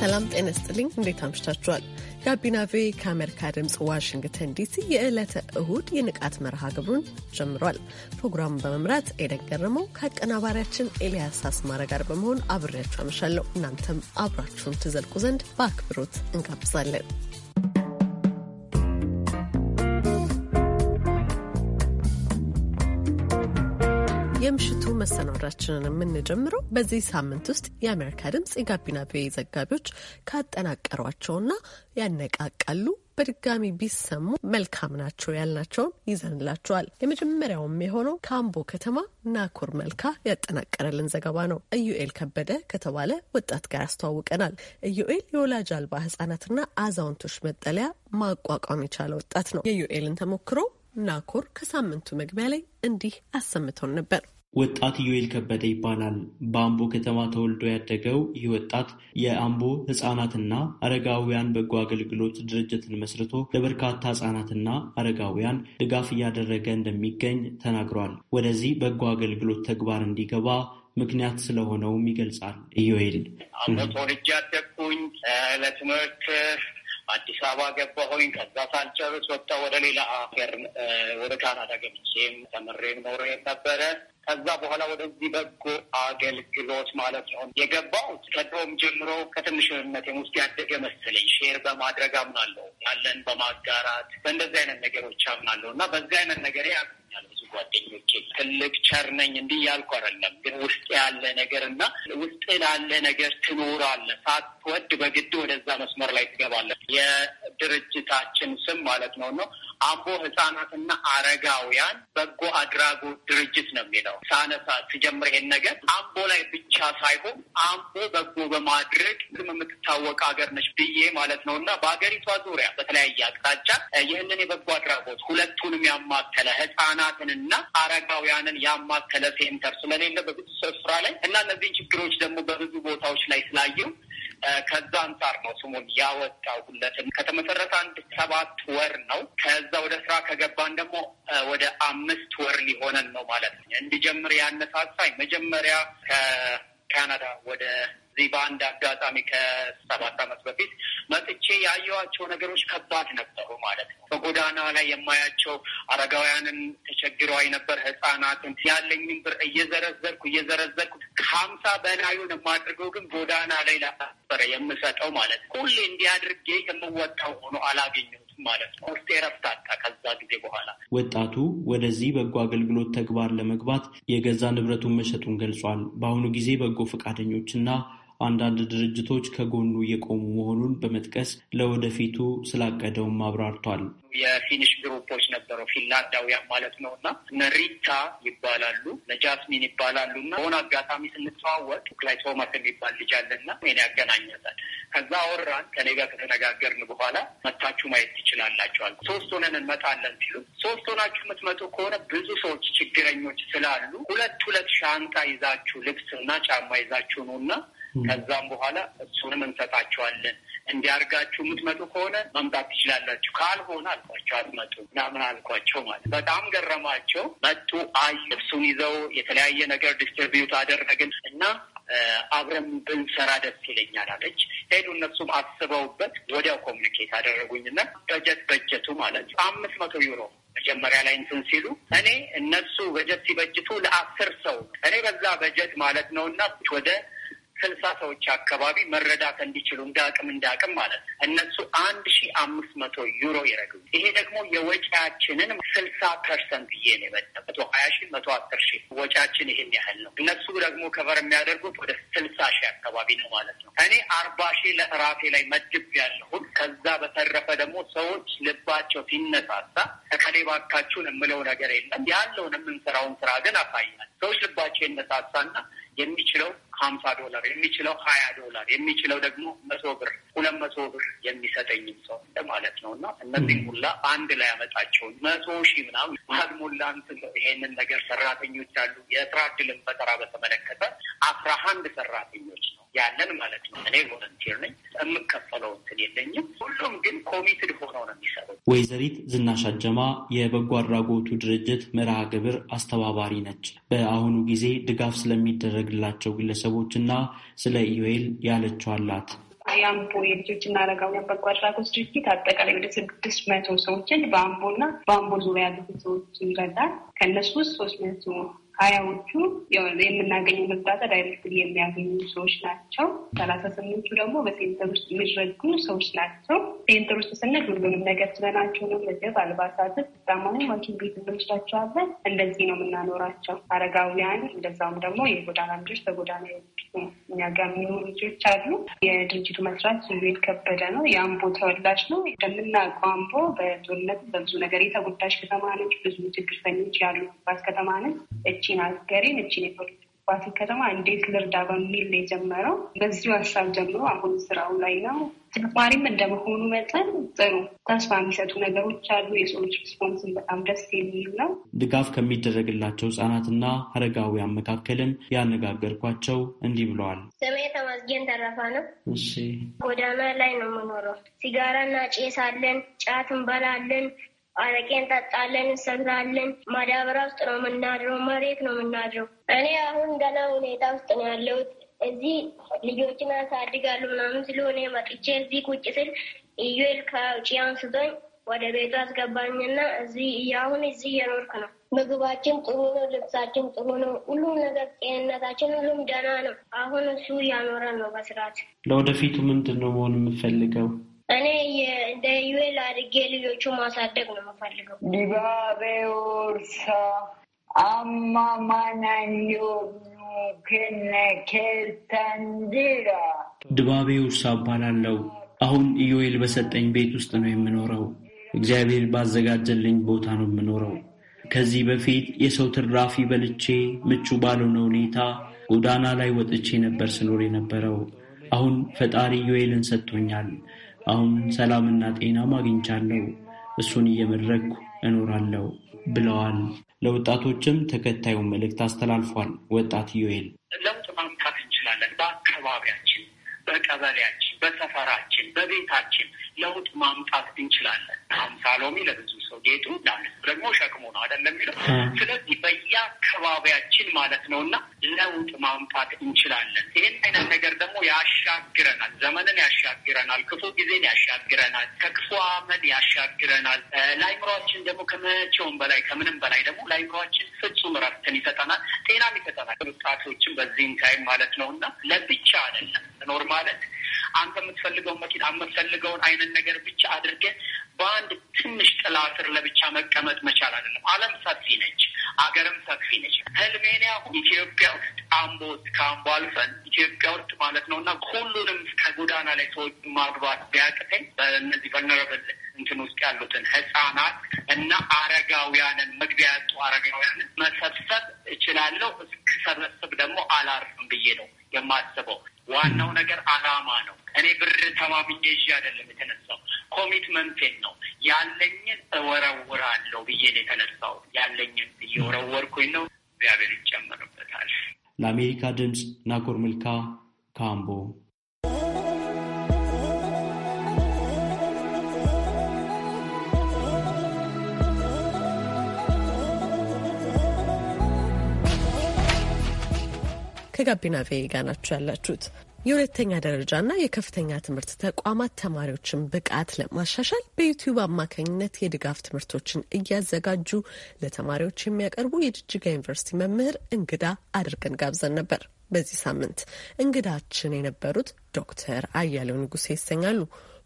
ሰላም ጤና ስጥልኝ። እንዴት አምሽታችኋል? ጋቢና ቬ ከአሜሪካ ድምፅ ዋሽንግተን ዲሲ የዕለተ እሁድ የንቃት መርሃ ግብሩን ጀምሯል። ፕሮግራሙን በመምራት ኤደን ገረመው ከአቀናባሪያችን ኤልያስ አስማረ ጋር በመሆን አብሬያችሁ አመሻለሁ። እናንተም አብራችሁን ትዘልቁ ዘንድ በአክብሮት እንጋብዛለን። የምሽቱ መሰናዷችንን የምንጀምረው በዚህ ሳምንት ውስጥ የአሜሪካ ድምፅ የጋቢና ቪ ዘጋቢዎች ካጠናቀሯቸውና ያነቃቃሉ በድጋሚ ቢሰሙ መልካም ናቸው ያልናቸውን ይዘንላቸዋል። የመጀመሪያውም የሆነው ከአምቦ ከተማ ናኩር መልካ ያጠናቀረልን ዘገባ ነው። ኢዩኤል ከበደ ከተባለ ወጣት ጋር ያስተዋውቀናል። ኢዩኤል የወላጅ አልባ ህጻናትና አዛውንቶች መጠለያ ማቋቋም የቻለ ወጣት ነው። የዩኤልን ተሞክሮ ናኩር ከሳምንቱ መግቢያ ላይ እንዲህ አሰምተውን ነበር። ወጣት ዩኤል ከበደ ይባላል። በአምቦ ከተማ ተወልዶ ያደገው ይህ ወጣት የአምቦ ህፃናትና አረጋውያን በጎ አገልግሎት ድርጅትን መስርቶ ለበርካታ ህፃናትና አረጋውያን ድጋፍ እያደረገ እንደሚገኝ ተናግሯል። ወደዚህ በጎ አገልግሎት ተግባር እንዲገባ ምክንያት ስለሆነውም ይገልጻል። ዩኤል አምቦ ተወልጄ ያደግኩኝ ለትምህርት አዲስ አበባ ገባሁኝ። ከዛ ሳልጨርስ ወጣ ወደ ሌላ ሀገር ወደ ካናዳ ገብቼም ተምሬም ኖሬም ነበረ። ከዛ በኋላ ወደዚህ በጎ አገልግሎት ማለት ነው የገባው። ከድሮም ጀምሮ ከትንሽነቴም ውስጥ ያደገ መሰለኝ። ሼር በማድረግ አምናለሁ፣ ያለን በማጋራት በእንደዚህ አይነት ነገሮች አምናለሁ እና በዚህ አይነት ነገር ያገኛል ብዙ ጓደኞቼ። ትልቅ ቸር ነኝ እንዲህ እያልኩ አይደለም፣ ግን ውስጥ ያለ ነገር እና ውስጥ ላለ ነገር ትኖራለህ። ሳትወድ በግድ ወደዛ መስመር ላይ ትገባለህ። የድርጅታችን ስም ማለት ነው ነው አምቦ ህጻናትና አረጋውያን በጎ አድራጎት ድርጅት ነው የሚለው ሳነሳ ሲጀምር ይሄን ነገር አምቦ ላይ ብቻ ሳይሆን አምቦ በጎ በማድረግ ስም የምትታወቅ ሀገር ነች ብዬ ማለት ነው እና በሀገሪቷ ዙሪያ በተለያየ አቅጣጫ ይህንን የበጎ አድራጎት ሁለቱንም ያማከለ ህጻናትንና አረጋውያንን ያማከለ ሴንተር ስለሌለ በብዙ ስፍራ ላይ እና እነዚህን ችግሮች ደግሞ በብዙ ቦታዎች ላይ ስላየው ከዛ አንጻር ነው ስሙን ያወጣው። ከተመሰረተ አንድ ሰባት ወር ነው። ከዛ ወደ ስራ ከገባን ደግሞ ወደ አምስት ወር ሊሆነን ነው ማለት ነው። እንዲጀምር ያነሳሳኝ መጀመሪያ ከካናዳ ወደ እዚህ በአንድ አጋጣሚ ከሰባት ዓመት በፊት መጥቼ ያየኋቸው ነገሮች ከባድ ነበሩ ማለት ነው። በጎዳና ላይ የማያቸው አረጋውያንን ተቸግሮ ነበር፣ ህጻናትን ያለኝን ብር እየዘረዘርኩ እየዘረዘርኩ ከሀምሳ በላዩን የማድርገው ግን ጎዳና ላይ ነበረ የምሰጠው ማለት ነው። ሁሌ እንዲያድርጌ የምወጣው ሆኖ አላገኘው ማለት ነው። ውስጤ ከዛ ጊዜ በኋላ ወጣቱ ወደዚህ በጎ አገልግሎት ተግባር ለመግባት የገዛ ንብረቱን መሸጡን ገልጿል። በአሁኑ ጊዜ በጎ ፈቃደኞችና አንዳንድ ድርጅቶች ከጎኑ እየቆሙ መሆኑን በመጥቀስ ለወደፊቱ ስላቀደውም አብራርቷል። የፊኒሽ ግሩፖች ነበረው ፊንላንዳውያን ማለት ነው እና ነሪታ ይባላሉ ነጃስሚን ይባላሉ እና በሆነ አጋጣሚ ስንተዋወቅ ላይ ቶማስ የሚባል ልጅ አለና ኔ ያገናኘታል። ከዛ አወራን። ከኔ ጋር ከተነጋገርን በኋላ መታችሁ ማየት ትችላላችኋል። ሶስት ሆነን እንመጣለን ሲሉ ሶስት ሆናችሁ የምትመጡ ከሆነ ብዙ ሰዎች ችግረኞች ስላሉ ሁለት ሁለት ሻንጣ ይዛችሁ ልብስ እና ጫማ ይዛችሁ ነው እና ከዛም በኋላ እሱንም እንሰጣቸዋለን። እንዲያርጋችሁ የምትመጡ ከሆነ መምጣት ትችላላችሁ፣ ካልሆነ አልኳቸው አትመጡ ምናምን አልኳቸው። ማለት በጣም ገረማቸው። መጡ። አይ ልብሱን ይዘው የተለያየ ነገር ዲስትሪቢዩት አደረግን እና አብረን ብንሰራ ደስ ይለኛል አለች። ሄዱ። እነሱም አስበውበት ወዲያው ኮሚኒኬት አደረጉኝና በጀት በጀቱ ማለት አምስት መቶ ዩሮ መጀመሪያ ላይ እንትን ሲሉ እኔ እነሱ በጀት ሲበጅቱ ለአስር ሰው እኔ በዛ በጀት ማለት ነው እና ወደ ስልሳ ሰዎች አካባቢ መረዳት እንዲችሉ እንደ አቅም እንደ አቅም ማለት ነው። እነሱ አንድ ሺ አምስት መቶ ዩሮ ይረግቡ ይሄ ደግሞ የወጪያችንን ስልሳ ፐርሰንት ብዬ ነው የመጣው መቶ ሀያ ሺ መቶ አስር ሺ ወጪያችን ይህን ያህል ነው። እነሱ ደግሞ ከበር የሚያደርጉት ወደ ስልሳ ሺ አካባቢ ነው ማለት ነው። እኔ አርባ ሺ ለራሴ ላይ መድብ ያለሁን ከዛ በተረፈ ደግሞ ሰዎች ልባቸው ሲነሳሳ ከሌ ባካችሁን የምለው ነገር የለም ያለውን የምንሰራውን ስራ ግን አሳያል ሰዎች ልባቸው ይነሳሳና የሚችለው ሀምሳ ዶላር የሚችለው ሀያ ዶላር የሚችለው ደግሞ መቶ ብር ሁለት መቶ ብር የሚሰጠኝም ሰው ማለት ነው። እና እነዚህ ሁላ አንድ ላይ ያመጣቸውን መቶ ሺህ ምናምን ባልሞላንት ይሄንን ነገር ሰራተኞች አሉ። የስራ እድልን ፈጠራ በተመለከተ አስራ አንድ ሰራተኞች ነው ያለን ማለት ነው። እኔ ቮለንቲር ነኝ፣ የምከፈለው እንትን የለኝም። ሁሉም ግን ኮሚትድ ሆነው ነው የሚሰሩት። ወይዘሪት ዝናሽ አጀማ የበጎ አድራጎቱ ድርጅት መርሃ ግብር አስተባባሪ ነች። በአሁኑ ጊዜ ድጋፍ ስለሚደረግላቸው ግለሰቦችና ስለ ኢዩኤል ያለችው የአምቦ የልጆች እና አረጋውያን በጎ አድራጎት ድርጅት አጠቃላይ ወደ ስድስት መቶ ሰዎችን በአምቦና በአምቦ ዙሪያ ያሉት ሰዎች ይረዳል። ከእነሱ ውስጥ ሶስት መቶ ሀያዎቹ የምናገኘው እርዳታ ዳይሬክትሊ የሚያገኙ ሰዎች ናቸው። ሰላሳ ስምንቱ ደግሞ በሴንተር ውስጥ የሚረዱ ሰዎች ናቸው። ሴንተር ውስጥ ስንል ሁሉንም ነገር ስለናቸው ነው። ምግብ፣ አልባሳት፣ ስታማሙ ማኪን ቤት እንወስዳቸዋለን። እንደዚህ ነው የምናኖራቸው። አረጋውያን እንደዛውም ደግሞ የጎዳና ልጆች በጎዳና የወጡ እኛ ጋር የሚኖሩ ልጆች አሉ። የድርጅቱ መስራት ዙቤል ከበደ ነው። የአምቦ ተወላጅ ነው። እንደምናውቀው አምቦ በጦርነት በብዙ ነገር የተጎዳች ከተማ ነች። ብዙ ችግርተኞች ያሉባት ከተማ ነች። እቺን ሀገሬን እቺን የፖለቲክ ከተማ እንዴት ልርዳ በሚል ነው የጀመረው። በዚሁ ሀሳብ ጀምሮ አሁን ስራው ላይ ነው። ተማሪም እንደመሆኑ መጠን ጥሩ ተስፋ የሚሰጡ ነገሮች አሉ። የሰዎች ሪስፖንስን በጣም ደስ የሚል ነው። ድጋፍ ከሚደረግላቸው ህጻናትና አረጋውያን መካከልም ያነጋገርኳቸው እንዲህ ብለዋል። ስሜ ተመስገን ተረፋ ነው። ጎዳና ላይ ነው የምኖረው። ሲጋራና ጭስ አለን፣ ጫት እንበላለን አረቄ እንጠጣለን፣ እንሰራለን። ማዳበሪያ ውስጥ ነው የምናድረው፣ መሬት ነው የምናድረው። እኔ አሁን ገና ሁኔታ ውስጥ ነው ያለሁት። እዚህ ልጆችን አሳድጋሉ ምናምን ስለሆነ መጥቼ እዚህ ቁጭ ስል እዩል ከውጭ አንስቶኝ ወደ ቤቱ አስገባኝና እዚህ እያሁን እዚህ እየኖርክ ነው። ምግባችን ጥሩ ነው፣ ልብሳችን ጥሩ ነው፣ ሁሉም ነገር ጤንነታችን፣ ሁሉም ደህና ነው። አሁን እሱ እያኖረን ነው በስርዓት። ለወደፊቱ ምንድን ነው መሆን የምፈልገው? እኔ እንደ ዩኤል አድጌ ልጆቹ ማሳደግ ነው የምፈልገው። ዲባቤ ኡርሳ አማማናኞኑ ኬልታንዲራ ድባቤ ውርሳ እባላለሁ። አሁን ኢዮኤል በሰጠኝ ቤት ውስጥ ነው የምኖረው። እግዚአብሔር ባዘጋጀልኝ ቦታ ነው የምኖረው። ከዚህ በፊት የሰው ትራፊ በልቼ ምቹ ባልሆነ ሁኔታ ጎዳና ላይ ወጥቼ ነበር ስኖር የነበረው። አሁን ፈጣሪ ኢዮኤልን ሰጥቶኛል። አሁን ሰላምና ጤናም አግኝቻለሁ፣ እሱን እየመድረኩ እኖራለሁ ብለዋል። ለወጣቶችም ተከታዩን መልእክት አስተላልፏል። ወጣት ዮኤል ለውጥ ማምጣት እንችላለን። በአካባቢያችን፣ በቀበሌያችን፣ በሰፈራችን፣ በቤታችን ለውጥ ማምጣት እንችላለን። አምሳ ሎሚ ለብዙ የሚለበሰው ጌጡ ደግሞ ሸክሙ ነው አይደለም የሚለው። ስለዚህ በየአካባቢያችን ማለት ነው እና ለውጥ ማምጣት እንችላለን። ይህን አይነት ነገር ደግሞ ያሻግረናል፣ ዘመንን ያሻግረናል፣ ክፉ ጊዜን ያሻግረናል፣ ከክፉ አመድ ያሻግረናል። ለአይምሯችን ደግሞ ከመቼውም በላይ ከምንም በላይ ደግሞ ለአይምሯችን ፍጹም ረፍትን ይሰጠናል፣ ጤናም ይሰጠናል። ወጣቶችን በዚህም ታይም ማለት ነው እና ለብቻ አይደለም ኖር ማለት አንተ የምትፈልገውን መኪና የምትፈልገውን አይነት ነገር ብቻ አድርገህ በአንድ ትንሽ ጥላ ስር ለብቻ መቀመጥ መቻል አይደለም። ዓለም ሰፊ ነች፣ አገርም ሰፊ ነች። ህልሜን ያሁን ኢትዮጵያ ውስጥ አምቦ ከአምቦ አልፈን ኢትዮጵያ ውስጥ ማለት ነው እና ሁሉንም ከጎዳና ላይ ሰዎች ማግባት ቢያቅተኝ በእነዚህ በነረበል እንትን ውስጥ ያሉትን ህጻናት እና አረጋውያንን መግቢያ ያጡ አረጋውያንን መሰብሰብ እችላለሁ። እስክሰበስብ ደግሞ አላርፍም ብዬ ነው የማስበው። ዋናው ነገር አላማ ነው። እኔ ብር ተማምኜ ይዤ አይደለም የተነሳው፣ ኮሚትመንቴን ነው ያለኝን እወረውራለሁ ብዬ ነው የተነሳው። ያለኝን እየወረወርኩኝ ነው። እግዚአብሔር ይጨምርበታል። ለአሜሪካ ድምፅ ናኮር ምልካ ካምቦ ከጋቢና ቬ ጋር ናችሁ ያላችሁት። የሁለተኛ ደረጃና የከፍተኛ ትምህርት ተቋማት ተማሪዎችን ብቃት ለማሻሻል በዩቲዩብ አማካኝነት የድጋፍ ትምህርቶችን እያዘጋጁ ለተማሪዎች የሚያቀርቡ የጅጅጋ ዩኒቨርሲቲ መምህር እንግዳ አድርገን ጋብዘን ነበር። በዚህ ሳምንት እንግዳችን የነበሩት ዶክተር አያሌው ንጉሴ ይሰኛሉ።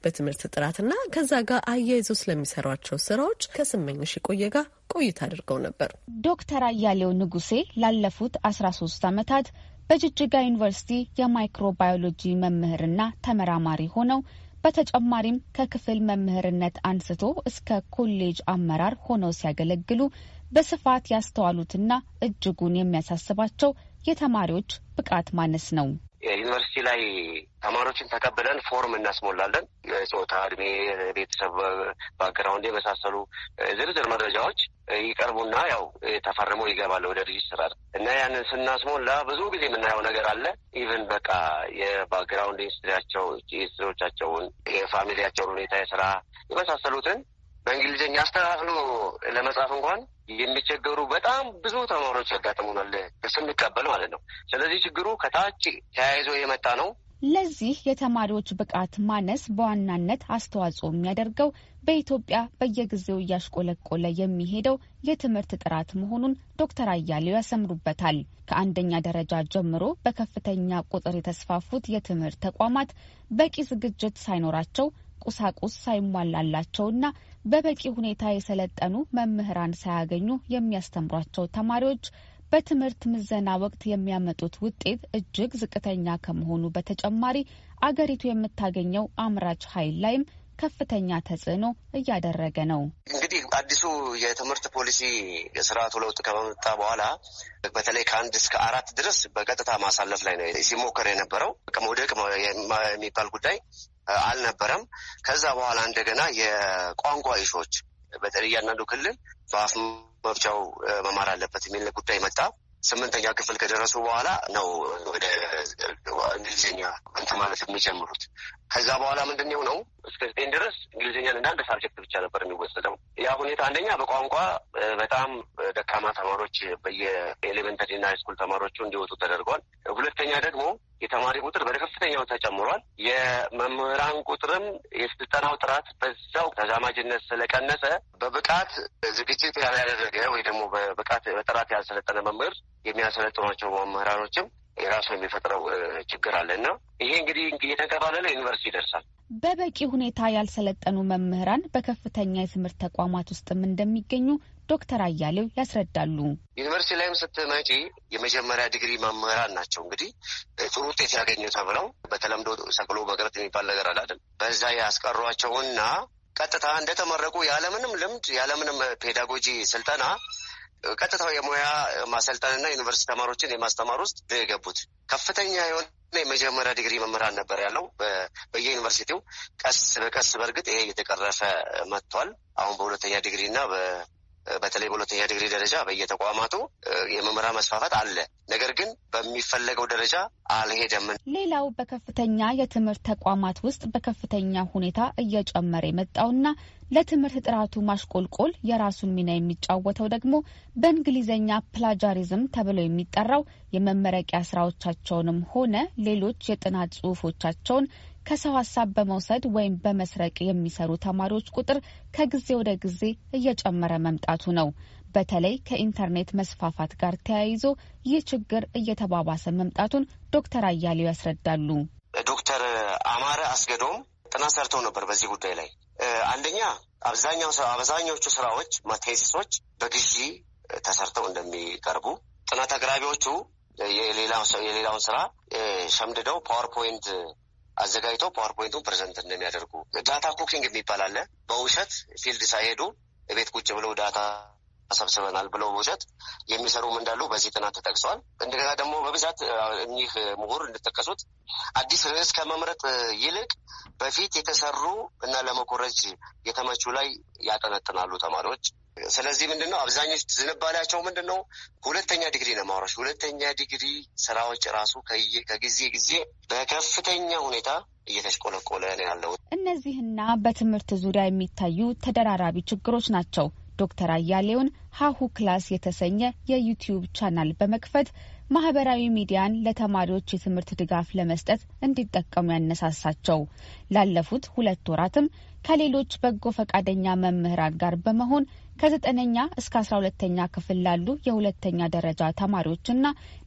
በትምህርት ጥራትና ከዛ ጋር አያይዘው ስለሚሰሯቸው ስራዎች ከስመኝሽ የቆየ ጋር ቆይታ አድርገው ነበር። ዶክተር አያሌው ንጉሴ ላለፉት አስራ ሶስት ዓመታት በጅጅጋ ዩኒቨርሲቲ የማይክሮባዮሎጂ መምህርና ተመራማሪ ሆነው በተጨማሪም ከክፍል መምህርነት አንስቶ እስከ ኮሌጅ አመራር ሆነው ሲያገለግሉ በስፋት ያስተዋሉትና እጅጉን የሚያሳስባቸው የተማሪዎች ብቃት ማነስ ነው። ዩኒቨርሲቲ ላይ ተማሪዎችን ተቀብለን ፎርም እናስሞላለን። ጾታ፣ እድሜ፣ ቤተሰብ ባክግራውንድ የመሳሰሉ ዝርዝር መረጃዎች ይቀርቡና ያው ተፈርሞ ይገባል ወደ ሬጅስትራር እና ያንን ስናስሞላ ብዙ ጊዜ የምናየው ነገር አለ። ኢቨን በቃ የባክግራውንድ ኢንስትሪያቸው ኢንስትሪዎቻቸውን የፋሚሊያቸውን ሁኔታ፣ የስራ የመሳሰሉትን በእንግሊዝኛ አስተካክሎ ለመጻፍ እንኳን የሚቸገሩ በጣም ብዙ ተማሪዎች ያጋጥሙናል ስንቀበል ማለት ነው። ስለዚህ ችግሩ ከታች ተያይዞ የመጣ ነው። ለዚህ የተማሪዎች ብቃት ማነስ በዋናነት አስተዋጽኦ የሚያደርገው በኢትዮጵያ በየጊዜው እያሽቆለቆለ የሚሄደው የትምህርት ጥራት መሆኑን ዶክተር አያሌው ያሰምሩበታል። ከአንደኛ ደረጃ ጀምሮ በከፍተኛ ቁጥር የተስፋፉት የትምህርት ተቋማት በቂ ዝግጅት ሳይኖራቸው ቁሳቁስ ሳይሟላላቸውና በበቂ ሁኔታ የሰለጠኑ መምህራን ሳያገኙ የሚያስተምሯቸው ተማሪዎች በትምህርት ምዘና ወቅት የሚያመጡት ውጤት እጅግ ዝቅተኛ ከመሆኑ በተጨማሪ አገሪቱ የምታገኘው አምራች ኃይል ላይም ከፍተኛ ተጽዕኖ እያደረገ ነው። እንግዲህ አዲሱ የትምህርት ፖሊሲ ስርዓቱ ለውጥ ከመጣ በኋላ በተለይ ከአንድ እስከ አራት ድረስ በቀጥታ ማሳለፍ ላይ ነው ሲሞከር የነበረው። ከመውደቅ የሚባል ጉዳይ አልነበረም። ከዛ በኋላ እንደገና የቋንቋ ይሾች በተለይ እያንዳንዱ ክልል በአፍ መፍቻው መማር አለበት የሚል ጉዳይ መጣ። ስምንተኛ ክፍል ከደረሱ በኋላ ነው ወደ እንግሊዝኛ እንትን ማለት የሚጀምሩት ከዛ በኋላ ምንድን የሆነው እስከ ዘጠኝ ድረስ እንግሊዝኛን እንደ ሳብጀክት ብቻ ነበር የሚወሰደው። ያ ሁኔታ አንደኛ በቋንቋ በጣም ደካማ ተማሪዎች በየኤሌመንተሪ እና ሃይስኩል ተማሪዎቹ እንዲወጡ ተደርጓል። ሁለተኛ ደግሞ የተማሪ ቁጥር በከፍተኛው ተጨምሯል። የመምህራን ቁጥርም የስልጠናው ጥራት በዛው ተዛማጅነት ስለቀነሰ በብቃት ዝግጅት ያላደረገ ወይ ደግሞ በብቃት በጥራት ያልሰለጠነ መምህር የሚያሰለጥኗቸው መምህራኖችም የራሱ የሚፈጥረው ችግር አለ እና ይሄ እንግዲህ የተንከባለለ ዩኒቨርሲቲ ይደርሳል። በበቂ ሁኔታ ያልሰለጠኑ መምህራን በከፍተኛ የትምህርት ተቋማት ውስጥም እንደሚገኙ ዶክተር አያሌው ያስረዳሉ። ዩኒቨርሲቲ ላይም ስትመጪ የመጀመሪያ ዲግሪ መምህራን ናቸው እንግዲህ ጥሩ ውጤት ያገኙ ተብለው በተለምዶ ሰቅሎ መቅረት የሚባል ነገር አላለም። በዛ ያስቀሯቸውና ቀጥታ እንደተመረቁ ያለምንም ልምድ ያለምንም ፔዳጎጂ ስልጠና ቀጥታው የሙያ ማሰልጠንና ዩኒቨርሲቲ ተማሪዎችን የማስተማር ውስጥ የገቡት ከፍተኛ የሆነ የመጀመሪያ ዲግሪ መምህራን ነበር ያለው በየዩኒቨርሲቲው። ቀስ በቀስ በእርግጥ ይሄ እየተቀረፈ መጥቷል። አሁን በሁለተኛ ዲግሪ እና በተለይ በሁለተኛ ዲግሪ ደረጃ በየተቋማቱ የመምህራን መስፋፋት አለ። ነገር ግን በሚፈለገው ደረጃ አልሄደም። ሌላው በከፍተኛ የትምህርት ተቋማት ውስጥ በከፍተኛ ሁኔታ እየጨመረ የመጣውና ለትምህርት ጥራቱ ማሽቆልቆል የራሱን ሚና የሚጫወተው ደግሞ በእንግሊዝኛ ፕላጃሪዝም ተብሎ የሚጠራው የመመረቂያ ስራዎቻቸውንም ሆነ ሌሎች የጥናት ጽሁፎቻቸውን ከሰው ሀሳብ በመውሰድ ወይም በመስረቅ የሚሰሩ ተማሪዎች ቁጥር ከጊዜ ወደ ጊዜ እየጨመረ መምጣቱ ነው። በተለይ ከኢንተርኔት መስፋፋት ጋር ተያይዞ ይህ ችግር እየተባባሰ መምጣቱን ዶክተር አያሌው ያስረዳሉ። ዶክተር አማረ አስገዶም ጥናት ሰርተው ነበር በዚህ ጉዳይ ላይ አንደኛ አብዛኛው አብዛኛዎቹ ስራዎች ቴሲሶች በግዢ ተሰርተው እንደሚቀርቡ ጥናት አቅራቢዎቹ የሌላውን ስራ ሸምድደው ፓወርፖይንት አዘጋጅተው ፓወርፖይንቱን ፕሬዘንት እንደሚያደርጉ ዳታ ኩኪንግ የሚባል አለ። በውሸት ፊልድ ሳይሄዱ ቤት ቁጭ ብለው ዳታ ሰብስበናል ብለው በውሸት የሚሰሩም እንዳሉ በዚህ ጥናት ተጠቅሰዋል። እንደገና ደግሞ በብዛት እኚህ ምሁር እንደጠቀሱት አዲስ ርዕስ ከመምረጥ ይልቅ በፊት የተሰሩ እና ለመኮረጅ የተመቹ ላይ ያጠነጥናሉ ተማሪዎች። ስለዚህ ምንድን ነው አብዛኞች ዝንባሌያቸው ምንድን ነው? ሁለተኛ ዲግሪ ነው ማውራሽ። ሁለተኛ ዲግሪ ስራዎች ራሱ ከጊዜ ጊዜ በከፍተኛ ሁኔታ እየተሽቆለቆለ ነው ያለው። እነዚህና በትምህርት ዙሪያ የሚታዩ ተደራራቢ ችግሮች ናቸው ዶክተር አያሌውን ሀሁ ክላስ የተሰኘ የዩቲዩብ ቻናል በመክፈት ማህበራዊ ሚዲያን ለተማሪዎች የትምህርት ድጋፍ ለመስጠት እንዲጠቀሙ ያነሳሳቸው። ላለፉት ሁለት ወራትም ከሌሎች በጎ ፈቃደኛ መምህራን ጋር በመሆን ከዘጠነኛ እስከ አስራ ሁለተኛ ክፍል ላሉ የሁለተኛ ደረጃ ተማሪዎችና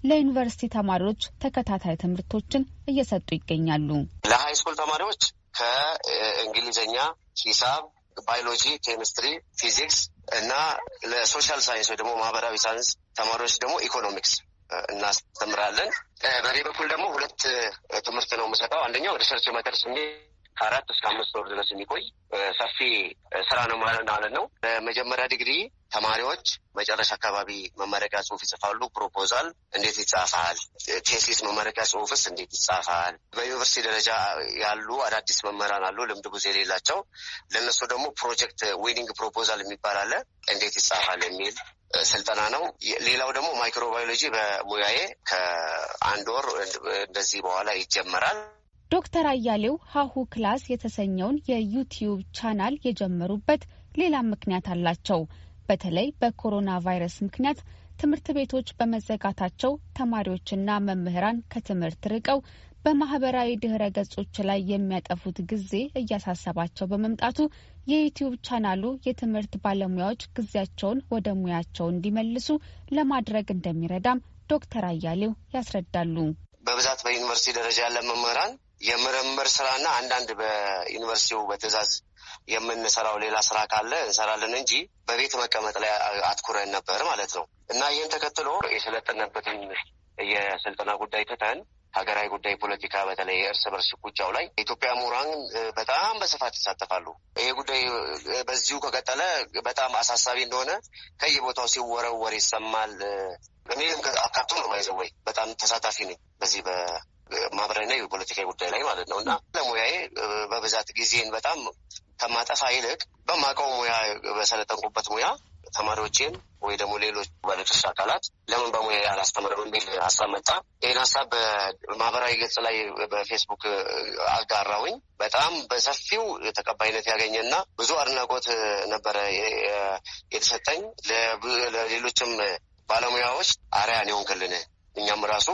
ለዩኒቨርሲቲ ተማሪዎች ተከታታይ ትምህርቶችን እየሰጡ ይገኛሉ። ለሀይ ስኩል ተማሪዎች ከእንግሊዝኛ፣ ሂሳብ፣ ባዮሎጂ፣ ኬሚስትሪ፣ ፊዚክስ እና ለሶሻል ሳይንስ ወይ ደግሞ ማህበራዊ ሳይንስ ተማሪዎች ደግሞ ኢኮኖሚክስ እናስተምራለን። በእኔ በኩል ደግሞ ሁለት ትምህርት ነው የምሰጠው። አንደኛው ሪሰርች ሜተድስ ከአራት እስከ አምስት ወር ድረስ የሚቆይ ሰፊ ስራ ነው ማለት ነው። መጀመሪያ ዲግሪ ተማሪዎች መጨረሻ አካባቢ መመረቂያ ጽሁፍ ይጽፋሉ። ፕሮፖዛል እንዴት ይጻፋል? ቴሲስ መመረቂያ ጽሁፍስ እንዴት ይጻፋል? በዩኒቨርሲቲ ደረጃ ያሉ አዳዲስ መምህራን አሉ፣ ልምድ ብዙ የሌላቸው። ለእነሱ ደግሞ ፕሮጀክት ዊኒንግ ፕሮፖዛል የሚባል አለ፣ እንዴት ይጻፋል የሚል ስልጠና ነው። ሌላው ደግሞ ማይክሮባዮሎጂ በሙያዬ ከአንድ ወር እንደዚህ በኋላ ይጀመራል። ዶክተር አያሌው ሀሁ ክላስ የተሰኘውን የዩቲዩብ ቻናል የጀመሩበት ሌላም ምክንያት አላቸው። በተለይ በኮሮና ቫይረስ ምክንያት ትምህርት ቤቶች በመዘጋታቸው ተማሪዎችና መምህራን ከትምህርት ርቀው በማህበራዊ ድህረ ገጾች ላይ የሚያጠፉት ጊዜ እያሳሰባቸው በመምጣቱ የዩቲዩብ ቻናሉ የትምህርት ባለሙያዎች ጊዜያቸውን ወደ ሙያቸው እንዲመልሱ ለማድረግ እንደሚረዳም ዶክተር አያሌው ያስረዳሉ። በብዛት በዩኒቨርሲቲ ደረጃ ያለ መምህራን የምርምር ስራና አንዳንድ በዩኒቨርሲቲው በትዕዛዝ የምንሰራው ሌላ ስራ ካለ እንሰራለን እንጂ በቤት መቀመጥ ላይ አትኩረን ነበር ማለት ነው እና ይህን ተከትሎ የሰለጠነበትን የስልጠና ጉዳይ ትተን ሀገራዊ ጉዳይ፣ ፖለቲካ፣ በተለይ የእርስ በርስ ጉጫው ላይ የኢትዮጵያ ምሁራን በጣም በስፋት ይሳተፋሉ። ይህ ጉዳይ በዚሁ ከቀጠለ በጣም አሳሳቢ እንደሆነ ከየቦታው ሲወረወር ይሰማል። እኔም አካቶ ነው ማይዘወይ በጣም ተሳታፊ ነኝ በዚህ ማህበራዊና የፖለቲካዊ ጉዳይ ላይ ማለት ነው እና ለሙያዬ በብዛት ጊዜን በጣም ከማጠፋ ይልቅ በማውቀው ሙያ በሰለጠንኩበት ሙያ ተማሪዎቼን ወይ ደግሞ ሌሎች ባለድርሻ አካላት ለምን በሙያ አላስተምርም የሚል ሀሳብ መጣ። ይህን ሀሳብ በማህበራዊ ገጽ ላይ በፌስቡክ አጋራውኝ። በጣም በሰፊው ተቀባይነት ያገኘና ብዙ አድናቆት ነበረ የተሰጠኝ። ለሌሎችም ባለሙያዎች አርአያ ሊሆንክልን እኛም ራሱ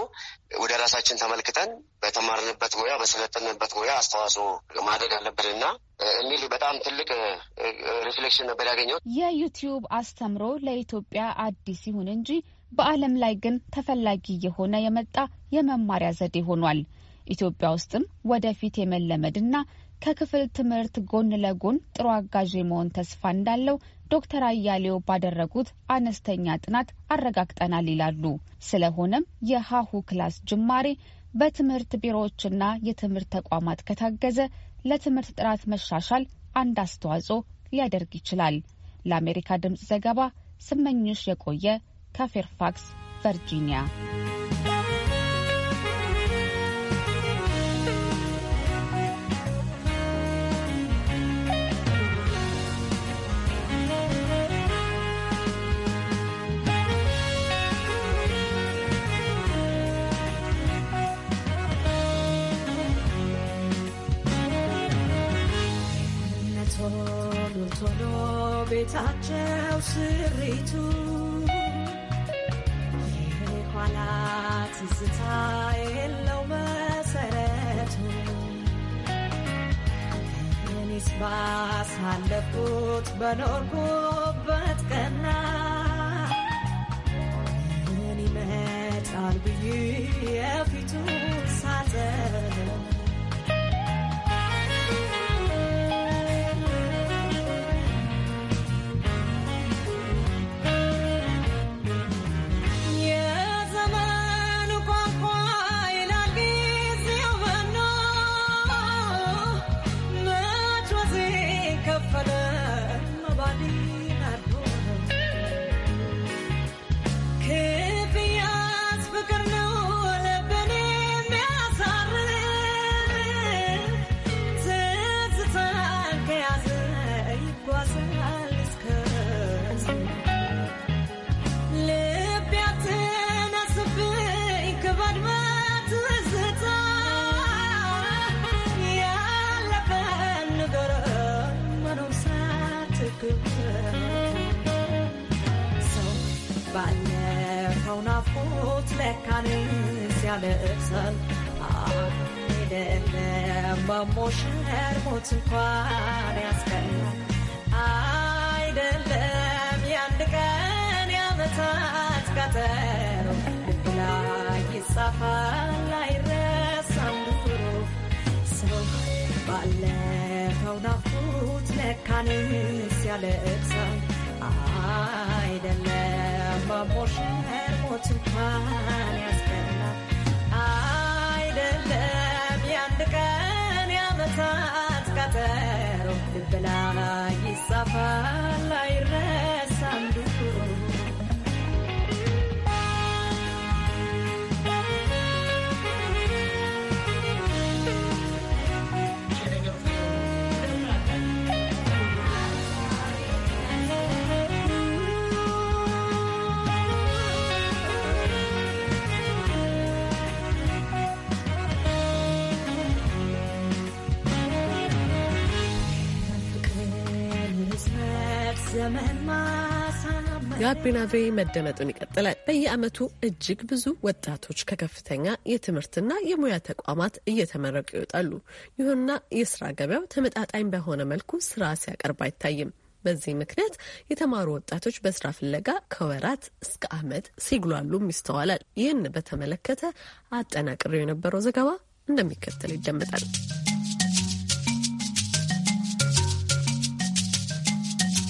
ወደ ራሳችን ተመልክተን በተማርንበት ሙያ በሰለጠንበት ሙያ አስተዋጽኦ ማድረግ አለብንና የሚል በጣም ትልቅ ሪፍሌክሽን ነበር ያገኘው። የዩቲዩብ አስተምሮ ለኢትዮጵያ አዲስ ይሁን እንጂ በዓለም ላይ ግን ተፈላጊ የሆነ የመጣ የመማሪያ ዘዴ ሆኗል። ኢትዮጵያ ውስጥም ወደፊት የመለመድና ከክፍል ትምህርት ጎን ለጎን ጥሩ አጋዥ የመሆን ተስፋ እንዳለው ዶክተር አያሌው ባደረጉት አነስተኛ ጥናት አረጋግጠናል ይላሉ። ስለሆነም የሀሁ ክላስ ጅማሬ በትምህርት ቢሮዎችና የትምህርት ተቋማት ከታገዘ ለትምህርት ጥራት መሻሻል አንድ አስተዋጽኦ ሊያደርግ ይችላል። ለአሜሪካ ድምፅ ዘገባ ስመኞሽ የቆየ ከፌርፋክስ ቨርጂኒያ ቶሎ ቶሎ ቤታቸው ስሪቱ የኋላ ትዝታ የለው መሰረቱ እኔስ ባሳለፍኩት በኖርኩበት ቀና ምን ብዬ የፊቱን ያለቅሳል አይደለም በሞሽር ሞት እንኳን ያስቀላል አይደለም የአንድ ቀን የዓመታት ቀጠሮ ልብ ላይ ይጻፋል አይረሳም ድፍሮ ሰው ባለፈው ናፍቆት ለካንስ ያለቅሳል አይደለም በሞሽር ሞት እንኳን safari ጋቢና ቬ መደመጡን ይቀጥላል። በየዓመቱ እጅግ ብዙ ወጣቶች ከከፍተኛ የትምህርትና የሙያ ተቋማት እየተመረቁ ይወጣሉ። ይሁንና የስራ ገበያው ተመጣጣኝ በሆነ መልኩ ስራ ሲያቀርብ አይታይም። በዚህ ምክንያት የተማሩ ወጣቶች በስራ ፍለጋ ከወራት እስከ ዓመት ሲግሏሉም ይስተዋላል። ይህን በተመለከተ አጠናቅሬው የነበረው ዘገባ እንደሚከተል ይደመጣል።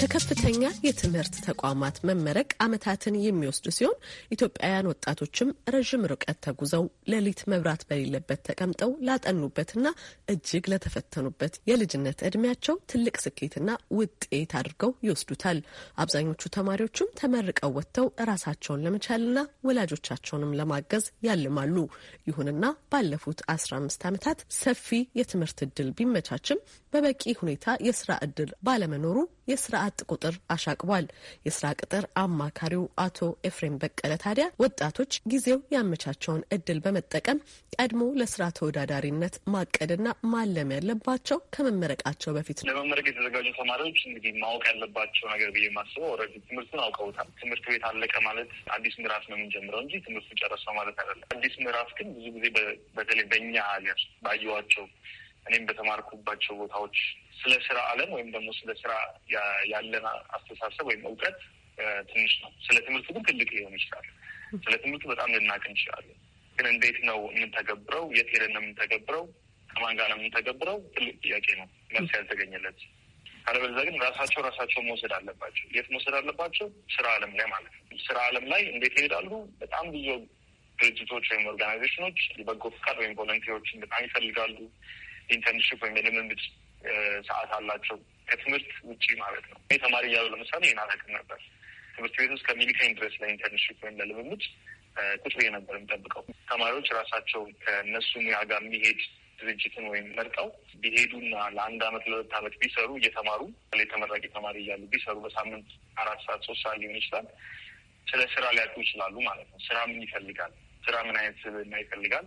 ከከፍተኛ የትምህርት ተቋማት መመረቅ ዓመታትን የሚወስድ ሲሆን ኢትዮጵያውያን ወጣቶችም ረዥም ርቀት ተጉዘው ሌሊት መብራት በሌለበት ተቀምጠው ላጠኑበትና እጅግ ለተፈተኑበት የልጅነት ዕድሜያቸው ትልቅ ስኬትና ውጤት አድርገው ይወስዱታል። አብዛኞቹ ተማሪዎችም ተመርቀው ወጥተው ራሳቸውን ለመቻልና ወላጆቻቸውንም ለማገዝ ያልማሉ። ይሁንና ባለፉት አስራ አምስት ዓመታት ሰፊ የትምህርት እድል ቢመቻችም በበቂ ሁኔታ የስራ እድል ባለመኖሩ የስራ አጥ ቁጥር አሻቅቧል። የስራ ቅጥር አማካሪው አቶ ኤፍሬም በቀለ ታዲያ ወጣቶች ጊዜው ያመቻቸውን እድል በመጠቀም ቀድሞ ለስራ ተወዳዳሪነት ማቀድና ማለም ያለባቸው ከመመረቃቸው በፊት ነው። ለመመረቅ የተዘጋጁ ተማሪዎች እንግዲህ ማወቅ ያለባቸው ነገር ብዬ ማስበው ኦልሬዲ ትምህርቱን አውቀውታል። ትምህርት ቤት አለቀ ማለት አዲስ ምዕራፍ ነው የምንጀምረው እንጂ ትምህርቱ ጨረሰው ማለት አይደለም። አዲስ ምዕራፍ ግን ብዙ ጊዜ በተለይ በእኛ ሀገር ባየዋቸው እኔም በተማርኩባቸው ቦታዎች ስለ ስራ አለም ወይም ደግሞ ስለ ስራ ያለን አስተሳሰብ ወይም እውቀት ትንሽ ነው። ስለ ትምህርቱ ግን ትልቅ ሊሆን ይችላል። ስለ ትምህርቱ በጣም ልናቅ እንችላለን። ግን እንዴት ነው የምንተገብረው? የት ሄደን ነው የምንተገብረው? ከማን ጋር ነው የምንተገብረው? ትልቅ ጥያቄ ነው፣ መልስ ያልተገኘለት። አለበለዚያ ግን ራሳቸው ራሳቸው መውሰድ አለባቸው። የት መውሰድ አለባቸው? ስራ ዓለም ላይ ማለት ነው። ስራ አለም ላይ እንዴት ይሄዳሉ? በጣም ብዙ ድርጅቶች ወይም ኦርጋናይዜሽኖች በጎ ፍቃድ ወይም ቮለንቲሮችን በጣም ይፈልጋሉ። ኢንተርንሽፕ ወይም የልምምድ ሰዓት አላቸው ከትምህርት ውጭ ማለት ነው። እኔ ተማሪ እያሉ ለምሳሌ ይህን አላውቅም ነበር። ትምህርት ቤት ውስጥ ከሚሊካኝ ድረስ ለኢንተርንሽፕ ወይም ለልምምድ ቁጭ ብዬ ነበር የምጠብቀው። ተማሪዎች ራሳቸው ከእነሱ ሙያ ጋር የሚሄድ ድርጅትን ወይም መርጠው ቢሄዱና ለአንድ አመት ለሁለት አመት ቢሰሩ እየተማሩ ተመራቂ ተማሪ እያሉ ቢሰሩ በሳምንት አራት ሰዓት ሶስት ሰዓት ሊሆን ይችላል። ስለ ስራ ሊያውቁ ይችላሉ ማለት ነው። ስራ ምን ይፈልጋል? ስራ ምን አይነት ስብዕና ይፈልጋል?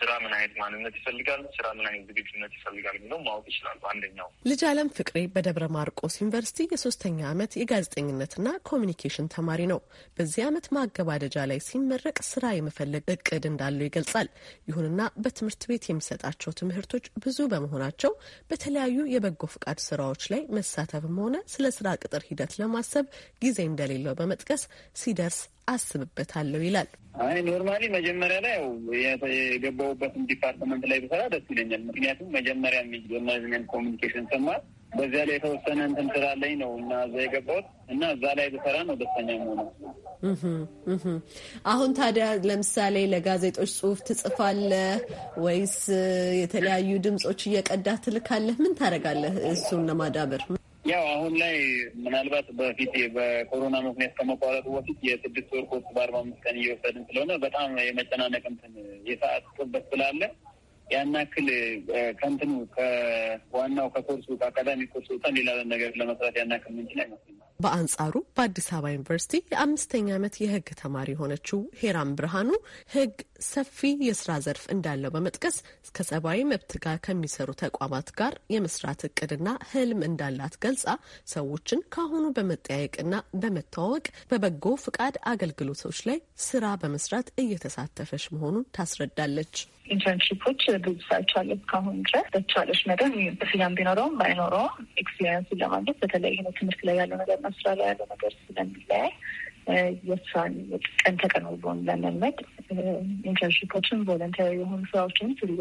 ስራ ምን አይነት ማንነት ይፈልጋል፣ ስራ ምን አይነት ዝግጁነት ይፈልጋል የሚለው ማወቅ ይችላሉ። አንደኛው ልጅ አለም ፍቅሬ በደብረ ማርቆስ ዩኒቨርሲቲ የሶስተኛ ዓመት የጋዜጠኝነትና ኮሚኒኬሽን ተማሪ ነው። በዚህ ዓመት ማገባደጃ ላይ ሲመረቅ ስራ የመፈለግ እቅድ እንዳለው ይገልጻል። ይሁንና በትምህርት ቤት የሚሰጣቸው ትምህርቶች ብዙ በመሆናቸው በተለያዩ የበጎ ፍቃድ ስራዎች ላይ መሳተፍም ሆነ ስለ ስራ ቅጥር ሂደት ለማሰብ ጊዜ እንደሌለው በመጥቀስ ሲደርስ አስብበታለሁ ይላል። አይ ኖርማሊ መጀመሪያ ላይ ያው የገባሁበትም ዲፓርትመንት ላይ ብሰራ ደስ ይለኛል። ምክንያቱም መጀመሪያ የማኔጅመንት ኮሚኒኬሽን ተማር በዚያ ላይ የተወሰነ እንትን ስላለኝ ነው እና እዛ የገባሁት እና እዛ ላይ ብሰራ ነው ደስተኛ መሆነው። አሁን ታዲያ ለምሳሌ ለጋዜጦች ጽሁፍ ትጽፋለህ ወይስ የተለያዩ ድምጾች እየቀዳህ ትልካለህ? ምን ታደርጋለህ እሱን ለማዳበር? ያው አሁን ላይ ምናልባት በፊት በኮሮና ምክንያት ከመቋረጡ በፊት የስድስት ወር ኮርስ በአርባ አምስት ቀን እየወሰድን ስለሆነ በጣም የመጨናነቅ እንትን የሰዓት ጥበት ስላለ ያን ያክል ከእንትኑ ከዋናው ከኮርሱ ከአካዳሚ ኮርስ ወጣን ሌላ ነገር ለመስራት ያን ያክል ምንችል አይመስልም። በአንጻሩ በአዲስ አበባ ዩኒቨርሲቲ የአምስተኛ ዓመት የህግ ተማሪ የሆነችው ሄራም ብርሃኑ ህግ ሰፊ የስራ ዘርፍ እንዳለው በመጥቀስ እስከ ሰብአዊ መብት ጋር ከሚሰሩ ተቋማት ጋር የመስራት እቅድና ህልም እንዳላት ገልጻ ሰዎችን ከአሁኑ በመጠያየቅና በመተዋወቅ በበጎ ፍቃድ አገልግሎቶች ላይ ስራ በመስራት እየተሳተፈች መሆኑን ታስረዳለች። ኢንተርንሺፖች ብዙ ሰርቻለሁ እስካሁን ድረስ በተቻለሽ መጠን ክፍያም ቢኖረውም ባይኖረውም ኤክስፔሪንሱን ለማግኘት በተለይ ነው ትምህርት ላይ ያለው ነገር እና ላይ ያለው ነገር ስለሚለያይ የስራን ቀን ተቀን ውሎን ለመልመድ ኢንተርንሺፖችን ቮለንተሪ የሆኑ ስራዎችን ስሉ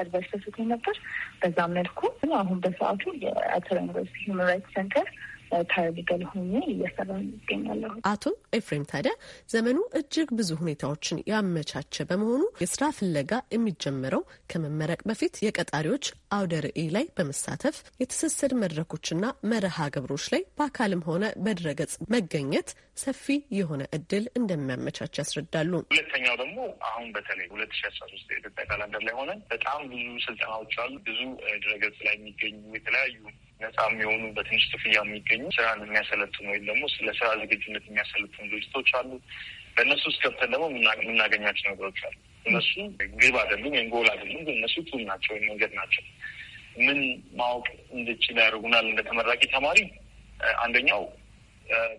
አድቫይስ አድቨርስ ነበር። በዛም መልኩ አሁን በሰዓቱ የአተር ዩኒቨርሲቲ ሁማን ራይትስ ሴንተር ከአረቢ ጋር ሆኜ እየሰራ ይገኛለሁ። አቶ ኤፍሬም ታዲያ ዘመኑ እጅግ ብዙ ሁኔታዎችን ያመቻቸ በመሆኑ የስራ ፍለጋ የሚጀመረው ከመመረቅ በፊት የቀጣሪዎች አውደ ርዕይ ላይ በመሳተፍ የትስስር መድረኮችና መርሃ ግብሮች ላይ በአካልም ሆነ በድረገጽ መገኘት ሰፊ የሆነ እድል እንደሚያመቻች ያስረዳሉ። ሁለተኛው ደግሞ አሁን በተለይ ሁለት ሺ አስራ ሶስት የኢትዮጵያ ካላንደር ላይ ሆነን በጣም ብዙ ስልጠናዎች አሉ። ብዙ ድረገጽ ላይ የሚገኙ የተለያዩ ነጻ የሚሆኑ በትንሽ ክፍያ የሚገኙ ስራን የሚያሰለጥኑ ወይም ደግሞ ለስራ ዝግጁነት የሚያሰለጥኑ ድርጅቶች አሉ። በእነሱ ውስጥ ገብተን ደግሞ የምናገኛቸው ነገሮች አሉ። እነሱ ግብ አይደሉም ወይም ጎል አይደሉም፣ ግን እነሱ ቱል ናቸው ወይም መንገድ ናቸው። ምን ማወቅ እንድችል ያደርጉናል እንደ ተመራቂ ተማሪ አንደኛው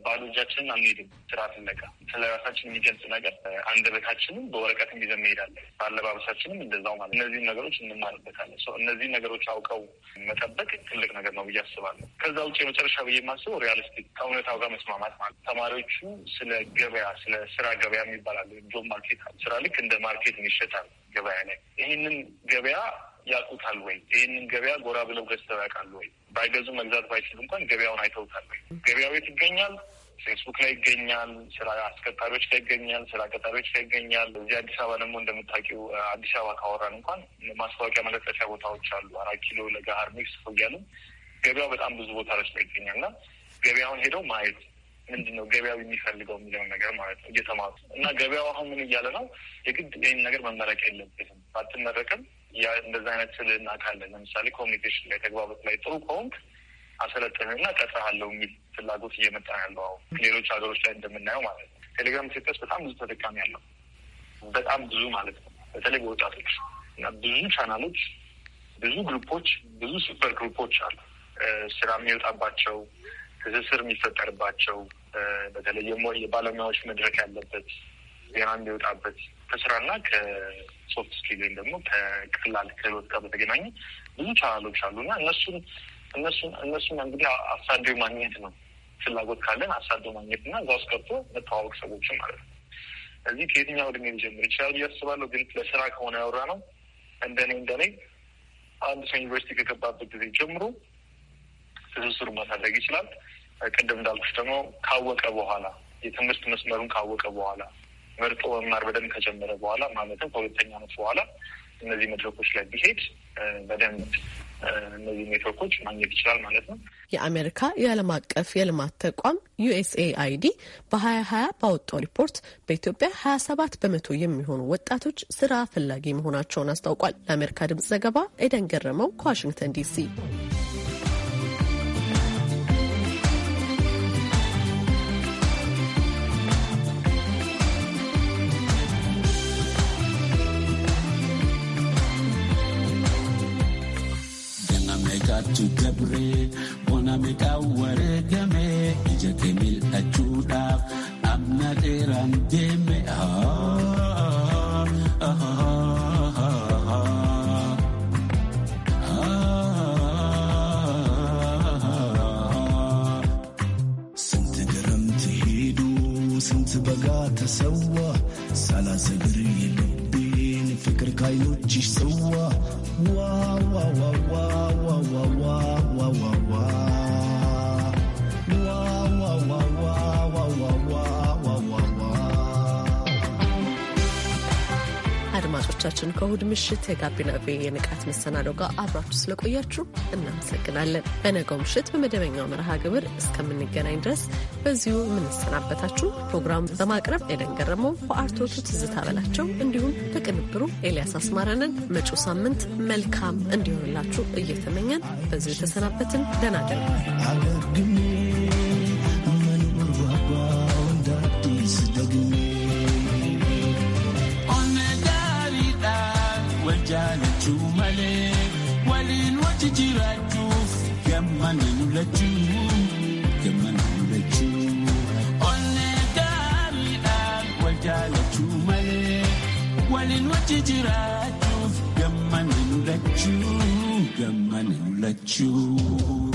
ባዶ እጃችንን አንሄድም። ስራ ነቃ ስለ ራሳችን የሚገልጽ ነገር አንደበታችንም በወረቀት ይዘን እንሄዳለን። አለባበሳችንም እንደዛው ማለት እነዚህን ነገሮች እንማርበታለን። እነዚህን ነገሮች አውቀው መጠበቅ ትልቅ ነገር ነው ብዬ አስባለሁ። ከዛ ውጭ የመጨረሻ ብዬ የማስበው ሪያሊስቲክ ከእውነታው ጋር መስማማት ማለት ተማሪዎቹ ስለ ገበያ ስለ ስራ ገበያ የሚባላል ጆብ ማርኬት ስራ ልክ እንደ ማርኬት ይሸጣል ገበያ ላይ ይህንን ገበያ ያውቁታል ወይ? ይህንን ገበያ ጎራ ብለው ገዝተው ያውቃሉ ወይ? ባይገዙ መግዛት ባይችሉ እንኳን ገበያውን አይተውታል ወይ? ገበያው የት ይገኛል? ፌስቡክ ላይ ይገኛል። ስራ አስቀጣሪዎች ላይ ይገኛል። ስራ ቀጣሪዎች ላይ ይገኛል። እዚህ አዲስ አበባ ደግሞ እንደምታውቂው አዲስ አበባ ካወራን እንኳን ማስታወቂያ መለጠፊያ ቦታዎች አሉ። አራት ኪሎ፣ ለገሀር፣ ሜክሲኮ እያሉ ገበያው በጣም ብዙ ቦታዎች ላይ ይገኛል እና ገበያውን ሄደው ማየት ምንድን ነው ገበያው የሚፈልገው የሚለውን ነገር ማለት ነው እየተማሩ እና ገበያው አሁን ምን እያለ ነው የግድ ይህን ነገር መመረቅ የለብህም ባትመረቅም እንደዚ አይነት ስል ካለን ለምሳሌ ኮሚኒኬሽን ላይ ተግባበት ላይ ጥሩ ከሆንክ አሰለጥንህና ቀጥረሃለሁ የሚል ፍላጎት እየመጣ ያለው አሁን ሌሎች ሀገሮች ላይ እንደምናየው ማለት ነው። ቴሌግራም ኢትዮጵያስ በጣም ብዙ ተጠቃሚ ያለው በጣም ብዙ ማለት ነው። በተለይ በወጣቶች እና ብዙ ቻናሎች፣ ብዙ ግሩፖች፣ ብዙ ሱፐር ግሩፖች አሉ ስራ የሚወጣባቸው ትስስር የሚፈጠርባቸው በተለይ ደግሞ የባለሙያዎች መድረክ ያለበት ዜና የሚወጣበት ከስራና ከሶፍት ስኪል ወይም ደግሞ ከቀላል ክህሎት ጋር በተገናኘ ብዙ ቻናሎች አሉ እነሱን እነሱን እነሱን እንግዲህ አሳዶ ማግኘት ነው ፍላጎት ካለን አሳዶ ማግኘት እና እዛ ውስጥ ገብቶ መተዋወቅ ሰዎችን ማለት ነው። እዚህ ከየትኛው እድሜ ሊጀምር ይችላል እያስባለሁ፣ ግን ለስራ ከሆነ ያወራ ነው እንደኔ እንደኔ አንድ ሰው ዩኒቨርሲቲ ከገባበት ጊዜ ጀምሮ ትስስሩ ማሳደግ ይችላል። ቅድም እንዳልኩሽ ደግሞ ካወቀ በኋላ የትምህርት መስመሩን ካወቀ በኋላ መርጦ መማር በደንብ ከጀመረ በኋላ ማለትም ከሁለተኛ ዓመት በኋላ እነዚህ መድረኮች ላይ ቢሄድ በደንብ እነዚህ ኔትወርኮች ማግኘት ይችላል ማለት ነው። የአሜሪካ የዓለም አቀፍ የልማት ተቋም ዩኤስኤአይዲ በሀያ ሀያ ባወጣው ሪፖርት በኢትዮጵያ ሀያ ሰባት በመቶ የሚሆኑ ወጣቶች ስራ ፈላጊ መሆናቸውን አስታውቋል። ለአሜሪካ ድምጽ ዘገባ ኤደን ገረመው ከዋሽንግተን ዲሲ Jabre, Bonameka Waregame, Jakemil Achuda, Abna Eran Deme. Ah, ah, ah, ah. በጋ የልቤን ፍቅር ካይኖችሽ ሰዋ wow, wow, wow, wow, wow, wow, wow, wow, wow. አድማጮቻችን ከእሁድ ምሽት የጋቢና ቪ የንቃት መሰናዶ ጋር አብራችሁ ስለቆያችሁ እናመሰግናለን። በነገው ምሽት በመደበኛው መርሃ ግብር እስከምንገናኝ ድረስ በዚሁ የምንሰናበታችሁ ፕሮግራም በማቅረብ ኤደን ገረመው፣ በአርቶቱ ትዝታ በላቸው እንዲሁም በቅንብሩ ኤልያስ አስማረንን መጪው ሳምንት መልካም እንዲሆንላችሁ እየተመኘን በዚሁ የተሰናበትን ደናደሩ malee waliin wajji jiraachuuf gammanii mul'achuun gammanii malee waliin wajji jiraachuuf gammanii